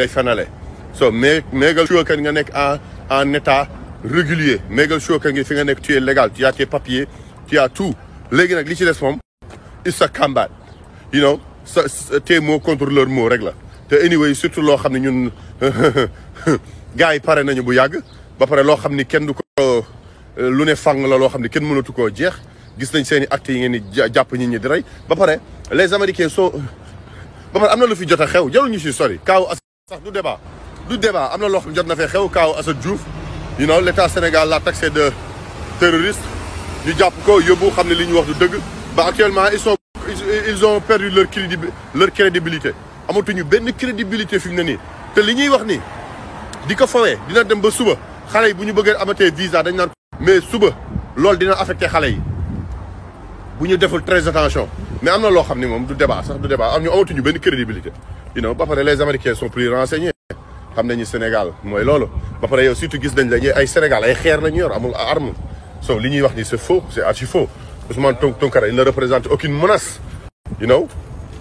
day fanale so magal sure que nga nekk en en état régulier magal sure que nga fi nga nekk tu es légal tu as tes papiers tu as tout léegi nag li ci des moom it's sa combat you know sa tes mots contre leur mot rek la te anyway surtout loo xam ne ñun gars yi pare nañu bu yàgg ba pare loo xam ni kenn du ko euh, lu ne fang la loo xam ne kenn mënatu koo jeex gis nañ seen i actes yi ngeen di jàpp nit ñi di rey ba pare les américains so ba pare am na lu fi jot a xew jarul ñu si sori sax du débat du débat am na loo xam jot na fee xew kaaw Assane Diouf you know l'état Sénégal l'a taxé de terroriste ñu jàpp ko yóbbu xam ne li ñuy wax du dëgg ba actuellement ils sont ils ont perdu leur crédi leur crédibilité amatuñu benn crédibilité fi mu ne nii te li ñuy wax ni di ko fawee dina dem ba suba xale yi bu ñu bëggee amatee visa dañ naan mais suba loolu dina affecté xale yi bu ñu deful très attention mais am na loo xam ne moom du débat sax du débat am ñu amatuñu benn crédibilité you ba pare les américains sont plus renseignés xam nañu Sénégal mooy loolu ba pare yow surtout gis dañ lañuy ay Sénégal ay xeer la ñu yor amul arme so li ñuy wax ni c'est faux c'est archi faux Ousmane Tounkara il ne représente aucune menace you know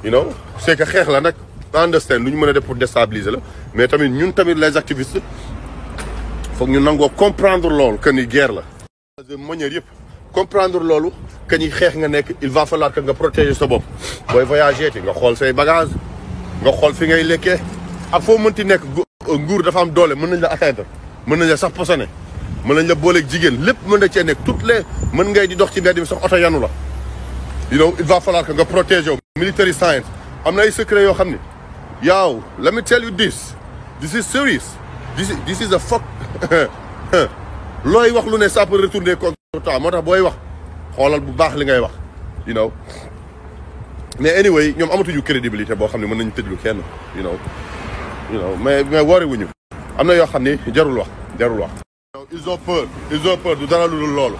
you know c'est que xeex la nag understand lu ñu mën a def pour déstabiliser la mais tamit ñun tamit les activistes foog ñu nangoo comprendre loolu que ni guerre la de manière yëpp comprendre loolu que ñi xeex nga nekk il va falloir que nga protéger sa bopp booy voyager te nga xool say bagage nga xool fi ngay lekkee ak foo mën mënti nekk nguur dafa am doole mën nañ la atteindre mën nañ la sax posone mën nañ la booleeg jigéen lépp mën na cee nekk toutes les mën ngay di dox ci mbedd mi sax oto yanu la you know il va falloir que nga protéger wu military science am na ay secret yoo xam ne yow let me tell you this this is serious this looy wax lu ne ça peut retourner temps moo tax booy wax xoolal bu baax li ngay wax you know mais anyway ñoom amatuñu crédibilité boo xam ne mën nañu tëjlu kenn you know you know mais mais woorewuñu am na yoo xam ne jarul wax jarul wax ils ont peur ils ont peur du dara lu dul loolu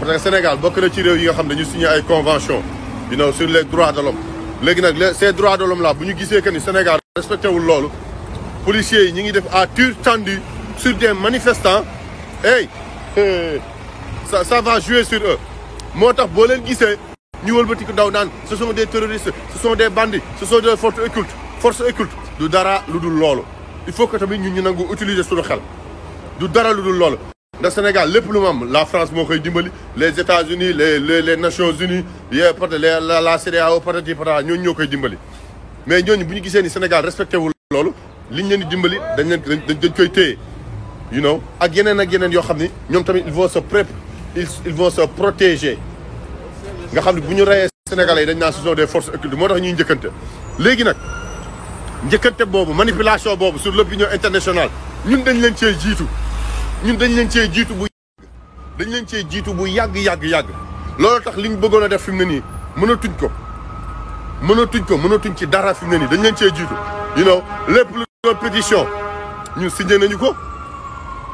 parce que Sénégal bokk na ci réew yi nga xam ne dañu signé ay convention you sur les droits de l'homme léegi nag ces droits de l'homme là bu ñu gisee que ni Sénégal respecté wul loolu policiers yi ñu ngi def à tir tendu sur des manifestants hey ça ça va jouer sur eux moo tax boo leen gisee ñu wëlbatiku daw naan ce sont des terroristes ce sont des bandits ce sont des forces occultes forces occultes du dara lu dul loolu il faut que tamit ñun ñu nangu utiliser suñu xel du dara lu dul loolu ndax Sénégal lépp lu mu am la France moo koy dimbali les États-Unis les les les Nations Unies yee peut la la CEDEAO patati patata ñooñu ñoo koy dimbali mais ñooñu bu ñu gisee ni Sénégal respecté wul loolu liñ leen di dimbali dañ leen dañ koy téye you know ak yeneen ak yeneen yoo xam ni ñoom tamit ils vont se ils ils vont se nga xam ne bu ñu reyee Sénégalais yi dañ naan ce sont des forces occultes moo tax ñuy njëkkante léegi nag njëkkante boobu manipulation boobu sur l'opinion internationale ñun dañ leen cee jiitu ñun dañ leen cee jiitu bu yàgg leen cee jiitu bu yàgg yàgg yàgg loolu tax li ñu bëggoon a def fi mu ne nii mënatuñ ko mënatuñ ko mënatuñ ci dara fi mu nii dañ leen cee jiitu you know lépp lu doon pétition ñun signé nañu ko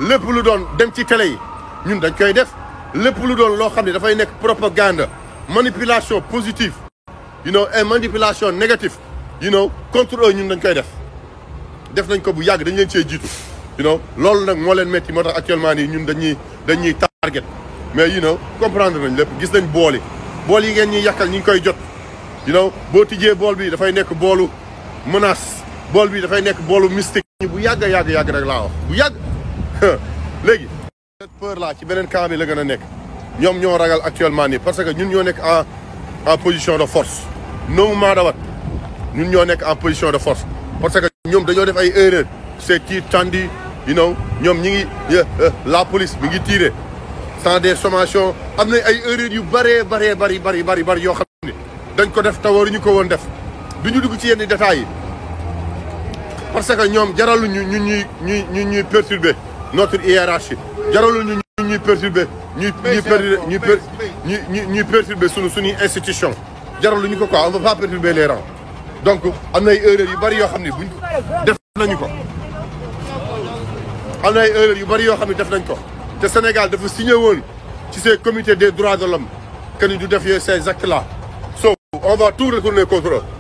lépp lu doon dem ci télé yi ñun dañ koy def lépp lu doon loo xam ne dafay nekk propagande manipulation positive you know et manipulation négative you know contre eux ñun dañ koy def def nañ ko bu yàgg dañ leen cee jiitu you know loolu nag moo leen metti moo tax actuellement nii ñun dañuy dañuy target mais you know comprendre nañ lépp gis nañ bool yi bool yi ngeen ñuy yàqal ñu ngi koy jot you know boo tijjee bool bi dafay nekk boolu mënaas bool bi dafay nekk boolu mystique bu yàgg a yàgg yàgg rek laa wax bu yàgg léegi cette peur là ci beneen camp bi la gën a nekk ñoom ñoo ragal actuellement ni parce que ñun ñoo nekk en en position de force noomu maadawat ñun ñoo nekk en position de force parce que ñoom dañoo def ay erreur c'est qui tandi you know ñoom ñi ngi euh, euh, la police mi ngi tiire sans des sommations am na ay erreur yu bëree bëree bëri bëri bëri bëri yoo xam ne dañ ko def te waruñu ko woon def du ñu dugg ci yenn détails yi parce que ñoom jaraluñu ñu ñuy ñuy ñun ñuy perturber notre hiérarchie jaralul ñu ñuy perturber ñuy ñuy ñu ñu ñuy perturber suñu suñuy institution jaralul ñu ko quoi on va pas perturber donc am na ay yu bëri yoo xam ne buñ def nañu ko am na ay yu bëri yoo xam ne def nañ ko te Sénégal dafa signé woon ci ces comités des droits de l'homme que ni du def yooyu ces actes là so on va tout retourner contre